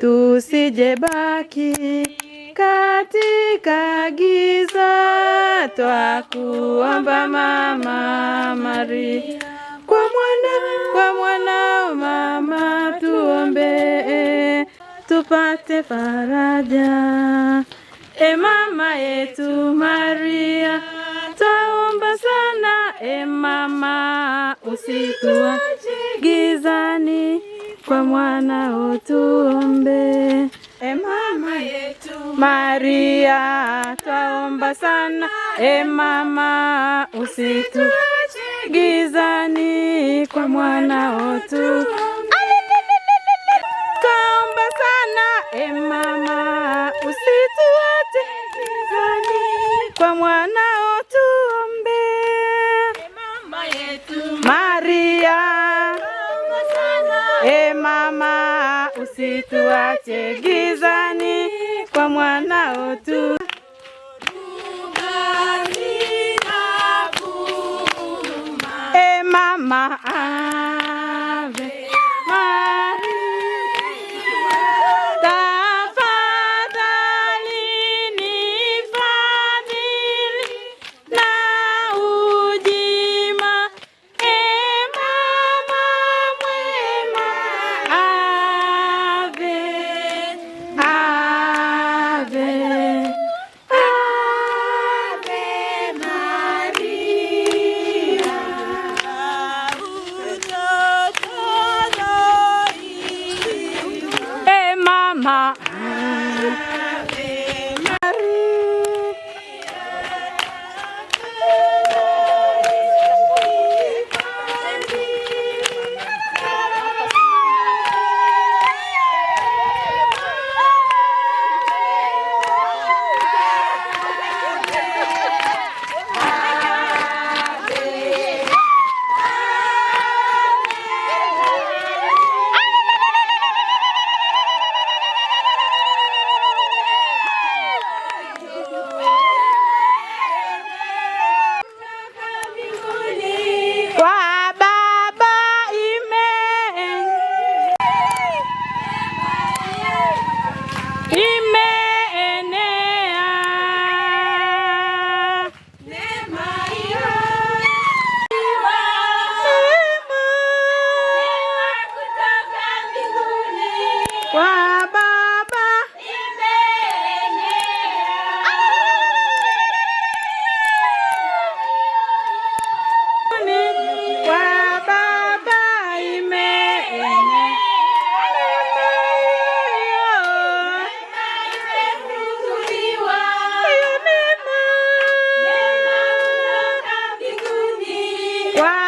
Tusijebaki katika giza, twakuomba Mama Maria. Kwa mwana kwa mwanao mama tuombee, tupate faraja. E mama yetu Maria, twaomba sana. E mama, usituache gizani kwa mwana utuombe. E mama yetu Maria, e twaomba sana e mama, usituache gizani, kwa mwana utu twaomba sana e mama, usituache gizani, kwa mwana mama, usituache gizani kwa mwana utu e eh, mama 他。ว้า